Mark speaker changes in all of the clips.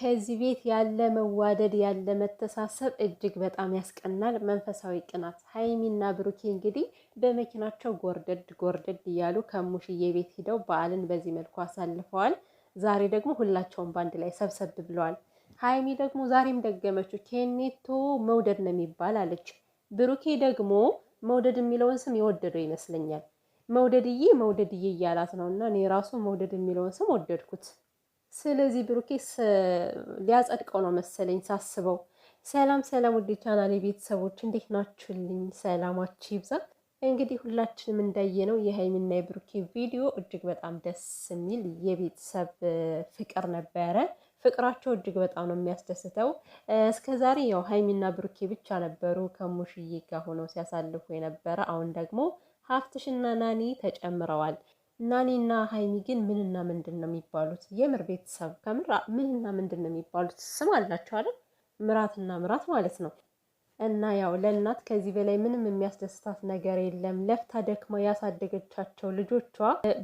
Speaker 1: ከዚህ ቤት ያለ መዋደድ ያለ መተሳሰብ እጅግ በጣም ያስቀናል። መንፈሳዊ ቅናት ሀይሚና ብሩኬ እንግዲህ በመኪናቸው ጎርደድ ጎርደድ እያሉ ከሙሽዬ ቤት ሂደው በዓልን በዚህ መልኩ አሳልፈዋል። ዛሬ ደግሞ ሁላቸውም በአንድ ላይ ሰብሰብ ብለዋል። ሀይሚ ደግሞ ዛሬም ደገመችው። ኬኔቶ መውደድ ነው የሚባል አለች። ብሩኬ ደግሞ መውደድ የሚለውን ስም የወደደው ይመስለኛል። መውደድዬ መውደድዬ እያላት ነው እና እኔ ራሱ መውደድ የሚለውን ስም ወደድኩት። ስለዚህ ብሩኬ ሊያጸድቀው ነው መሰለኝ ሳስበው። ሰላም ሰላም፣ ውድ ቻናሌ ቤተሰቦች እንዴት ናችሁልኝ? ሰላማችሁ ይብዛ። እንግዲህ ሁላችንም እንዳየነው የሀይሚና የብሩኬ ቪዲዮ እጅግ በጣም ደስ የሚል የቤተሰብ ፍቅር ነበረ። ፍቅራቸው እጅግ በጣም ነው የሚያስደስተው። እስከዛሬ ያው ሀይሚና ብሩኬ ብቻ ነበሩ ከሙሽዬ ጋር ሆነው ሲያሳልፉ የነበረ። አሁን ደግሞ ሀፍትሽና ናኒ ተጨምረዋል። ናኒና ሀይሚ ግን ምንና ምንድን ነው የሚባሉት? የምር ቤተሰብ ከምራ ምንና ምንድን ነው የሚባሉት? ስም አላቸው አይደል? ምራትና ምራት ማለት ነው። እና ያው ለእናት ከዚህ በላይ ምንም የሚያስደስታት ነገር የለም። ለፍታ ደክማ ያሳደገቻቸው ልጆቿ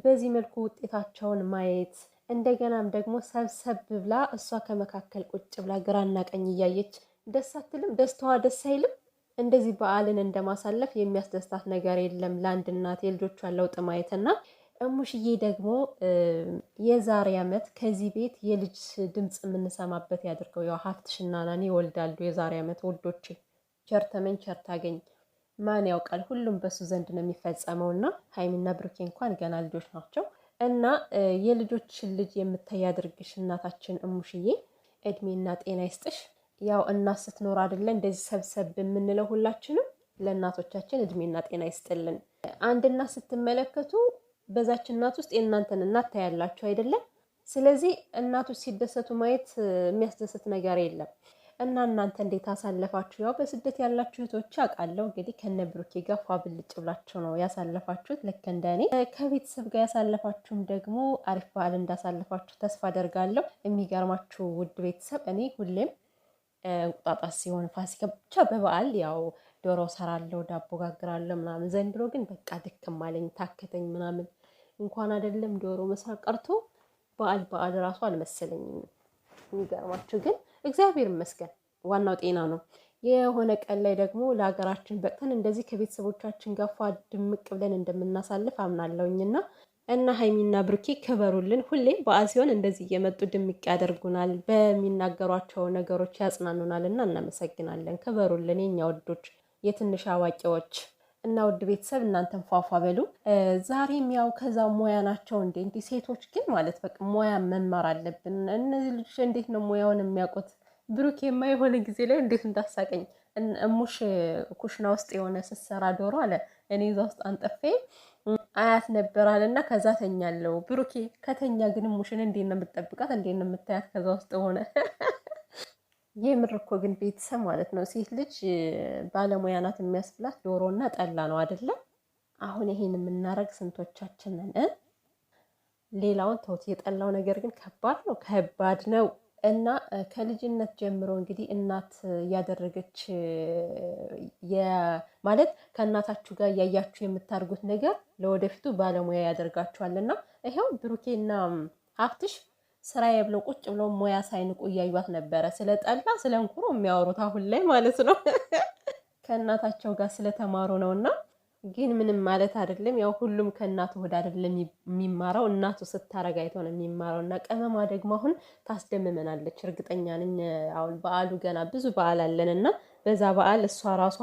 Speaker 1: በዚህ መልኩ ውጤታቸውን ማየት እንደገናም ደግሞ ሰብሰብ ብላ እሷ ከመካከል ቁጭ ብላ ግራና ቀኝ እያየች ደስ አትልም? ደስታዋ ደስ አይልም? እንደዚህ በዓልን እንደማሳለፍ የሚያስደስታት ነገር የለም። ለአንድ እናት የልጆቿን ለውጥ ማየትና እሙሽዬ ደግሞ የዛሬ ዓመት ከዚህ ቤት የልጅ ድምፅ የምንሰማበት ያድርገው። ያው ሀፍትሽና ናኔ ይወልዳሉ። የዛሬ ዓመት ወልዶቼ ቸርተመኝ ቸርታገኝ ማን ያውቃል፣ ሁሉም በሱ ዘንድ ነው የሚፈጸመው። እና ሀይሚና ብሩኬ እንኳን ገና ልጆች ናቸው። እና የልጆችን ልጅ የምታይ ያድርግሽ እናታችን እሙሽዬ፣ እድሜና ጤና ይስጥሽ። ያው እናት ስትኖር አይደለ እንደዚህ ሰብሰብ የምንለው ሁላችንም፣ ለእናቶቻችን እድሜና ጤና ይስጥልን። አንድ እናት ስትመለከቱ በዛች እናት ውስጥ የእናንተን እናት ታያላችሁ አይደለም? ስለዚህ እናቶች ሲደሰቱ ማየት የሚያስደስት ነገር የለም። እና እናንተ እንዴት አሳለፋችሁ? ያው በስደት ያላችሁ እህቶች አውቃለሁ እንግዲህ ከነ ብሩኬ ጋር ፏ ብልጭ ብላችሁ ነው ያሳለፋችሁት፣ ልክ እንደ እኔ ከቤተሰብ ጋር ያሳለፋችሁም ደግሞ አሪፍ በዓል እንዳሳለፋችሁ ተስፋ አደርጋለሁ። የሚገርማችሁ ውድ ቤተሰብ እኔ ሁሌም እንቁጣጣሽ ሲሆን ፋሲካ ብቻ በበዓል ያው ዶሮ ሰራለሁ፣ ዳቦ ጋግራለሁ ምናምን። ዘንድሮ ግን በቃ ድክም አለኝ፣ ታከተኝ ምናምን። እንኳን አይደለም ዶሮ መስራት ቀርቶ በዓል በዓል ራሱ አልመሰለኝም። የሚገርማችሁ ግን እግዚአብሔር ይመስገን ዋናው ጤና ነው። የሆነ ቀን ላይ ደግሞ ለሀገራችን በቅተን እንደዚህ ከቤተሰቦቻችን ጋፋ ድምቅ ብለን እንደምናሳልፍ አምናለሁኝና እና ሀይሚና ብሩኬ ክበሩልን። ሁሌ በዓል ሲሆን እንደዚህ እየመጡ ድምቅ ያደርጉናል፣ በሚናገሯቸው ነገሮች ያጽናኑናል እና እናመሰግናለን። ክበሩልን የኛ ወዶች። የትንሽ አዋቂዎች እና ውድ ቤተሰብ እናንተን ፏፏ በሉ። ዛሬም ያው ከዛ ሙያ ናቸው እንዴ? እንዲህ ሴቶች ግን ማለት በቃ ሙያ መማር አለብን። እነዚህ ልጆች እንዴት ነው ሙያውን የሚያውቁት? ብሩክ የማይሆነ ጊዜ ላይ እንዴት እንዳሳቀኝ እሙሽ ኩሽና ውስጥ የሆነ ስትሰራ ዶሮ አለ እኔ እዛ ውስጥ አንጠፌ አያት ነበራል እና ከዛ ተኛለው። ብሩኬ ከተኛ ግን ሙሽን እንዴት ነው የምትጠብቃት? እንዴት ነው የምታያት? ከዛ ውስጥ ሆነ የምር እኮ ግን ቤተሰብ ማለት ነው ሴት ልጅ ባለሙያ ናት የሚያስብላት ዶሮና ጠላ ነው አይደለም? አሁን ይሄን የምናረግ ስንቶቻችንን ሌላውን ተውት። የጠላው ነገር ግን ከባድ ነው፣ ከባድ ነው። እና ከልጅነት ጀምሮ እንግዲህ እናት እያደረገች ማለት ከእናታችሁ ጋር እያያችሁ የምታደርጉት ነገር ለወደፊቱ ባለሙያ ያደርጋችኋል። እና ይኸው ብሩኬና ሀብትሽ ስራዬ ብለው ቁጭ ብለው ሙያ ሳይንቁ እያዩት ነበረ። ስለ ጠላ ስለ እንኩሮ የሚያወሩት አሁን ላይ ማለት ነው። ከእናታቸው ጋር ስለተማሩ ነው። እና ግን ምንም ማለት አይደለም። ያው ሁሉም ከእናቱ ወደ አይደለም የሚማረው፣ እናቱ ስታረግ አይቶ ነው የሚማረው። እና ቀመማ ደግሞ አሁን ታስደምመናለች፣ እርግጠኛ ነኝ። አሁን በዓሉ ገና ብዙ በዓል አለን እና በዛ በዓል እሷ ራሷ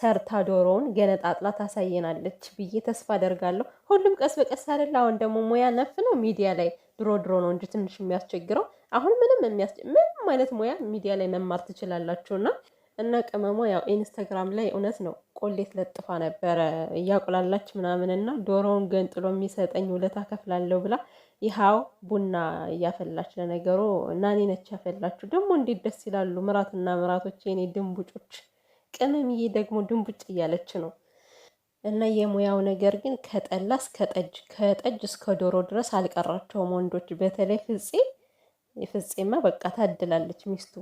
Speaker 1: ሰርታ ዶሮውን ገነጣጥላ ታሳየናለች ብዬ ተስፋ አደርጋለሁ። ሁሉም ቀስ በቀስ አይደለ። አሁን ደግሞ ሙያ ነፍ ነው ሚዲያ ላይ ድሮ ድሮ ነው እንጂ ትንሽ የሚያስቸግረው። አሁን ምንም ምንም አይነት ሙያ ሚዲያ ላይ መማር ትችላላችሁና እና ቅመሟ ያው ኢንስታግራም ላይ እውነት ነው ቆሌት ለጥፋ ነበረ እያቁላላች ምናምን እና ዶሮውን ገንጥሎ የሚሰጠኝ ውለታ ከፍላለሁ ብላ ይኸው ቡና እያፈላች ለነገሩ እናኔ ነች ያፈላችሁ። ደግሞ እንዴት ደስ ይላሉ ምራትና ምራቶች የኔ ድንቡጮች። ቅመምዬ ደግሞ ድንቡጭ እያለች ነው። እና የሙያው ነገር ግን ከጠላ እስከ ጠጅ ከጠጅ እስከ ዶሮ ድረስ አልቀራቸውም ወንዶች። በተለይ ፍጼ ፍፄማ በቃ ታድላለች ሚስቱ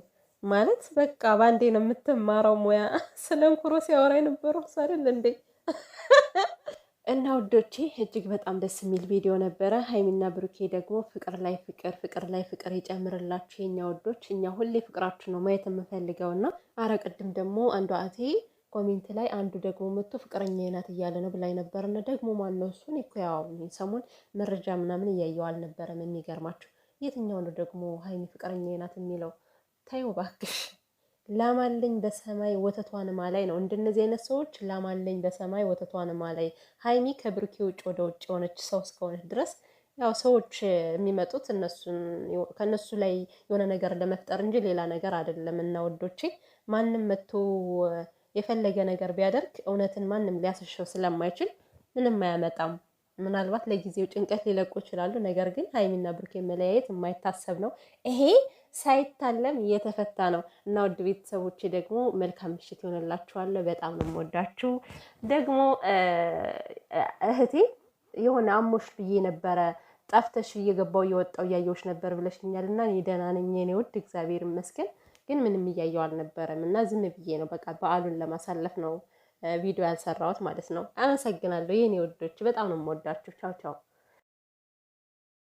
Speaker 1: ማለት በቃ በአንዴ ነው የምትማረው ሙያ። ስለ እንኩሮ ሲያወራ የነበረው ሳደል እንዴ! እና ውዶቼ እጅግ በጣም ደስ የሚል ቪዲዮ ነበረ። ሀይሚና ብሩኬ ደግሞ ፍቅር ላይ ፍቅር ፍቅር ላይ ፍቅር ይጨምርላችሁ የኛ ውዶች። እኛ ሁሌ ፍቅራችሁ ነው ማየት የምንፈልገው እና አረ ቅድም ደግሞ አንዷ አቴ። ኮሜንት ላይ አንዱ ደግሞ መጥቶ ፍቅረኛ ናት እያለ ነው ብላይ ነበርና ደግሞ ማነው እሱን እኮ ያው ሰሞን መረጃ ምናምን እያየው አልነበረም። የሚገርማችሁ የትኛው ነው ደግሞ ሀይሚ ፍቅረኛ ናት የሚለው? ታዩ ባክሽ ላማለኝ በሰማይ ወተቷን ማላይ ነው። እንደነዚህ አይነት ሰዎች ላማለኝ በሰማይ ወተቷን ማላይ። ሀይሚ ከብሩኬ ውጭ ወደ ውጭ የሆነች ሰው እስከሆነች ድረስ ያው ሰዎች የሚመጡት ከእነሱ ላይ የሆነ ነገር ለመፍጠር እንጂ ሌላ ነገር አይደለም። እና ወዶቼ ማንም መቶ የፈለገ ነገር ቢያደርግ እውነትን ማንም ሊያስሸው ስለማይችል ምንም አያመጣም። ምናልባት ለጊዜው ጭንቀት ሊለቁ ይችላሉ። ነገር ግን ሀይሚና ብሩኬ መለያየት የማይታሰብ ነው። ይሄ ሳይታለም እየተፈታ ነው እና ውድ ቤተሰቦቼ ደግሞ መልካም ምሽት ይሆንላችኋለሁ። በጣም ነው የምወዳችሁ። ደግሞ እህቴ የሆነ አሞሽ ብዬ ነበረ ጠፍተሽ እየገባው እየወጣው እያየዎች ነበር ብለሽኛል እና ደህና ነኝ ውድ እግዚአብሔር ይመስገን። ግን ምንም እያየው አልነበረም እና ዝም ብዬ ነው በቃ በዓሉን ለማሳለፍ ነው ቪዲዮ ያልሰራሁት ማለት ነው። አመሰግናለሁ የኔ ወዶች፣ በጣም ነው የምወዳችሁ። ቻው ቻው።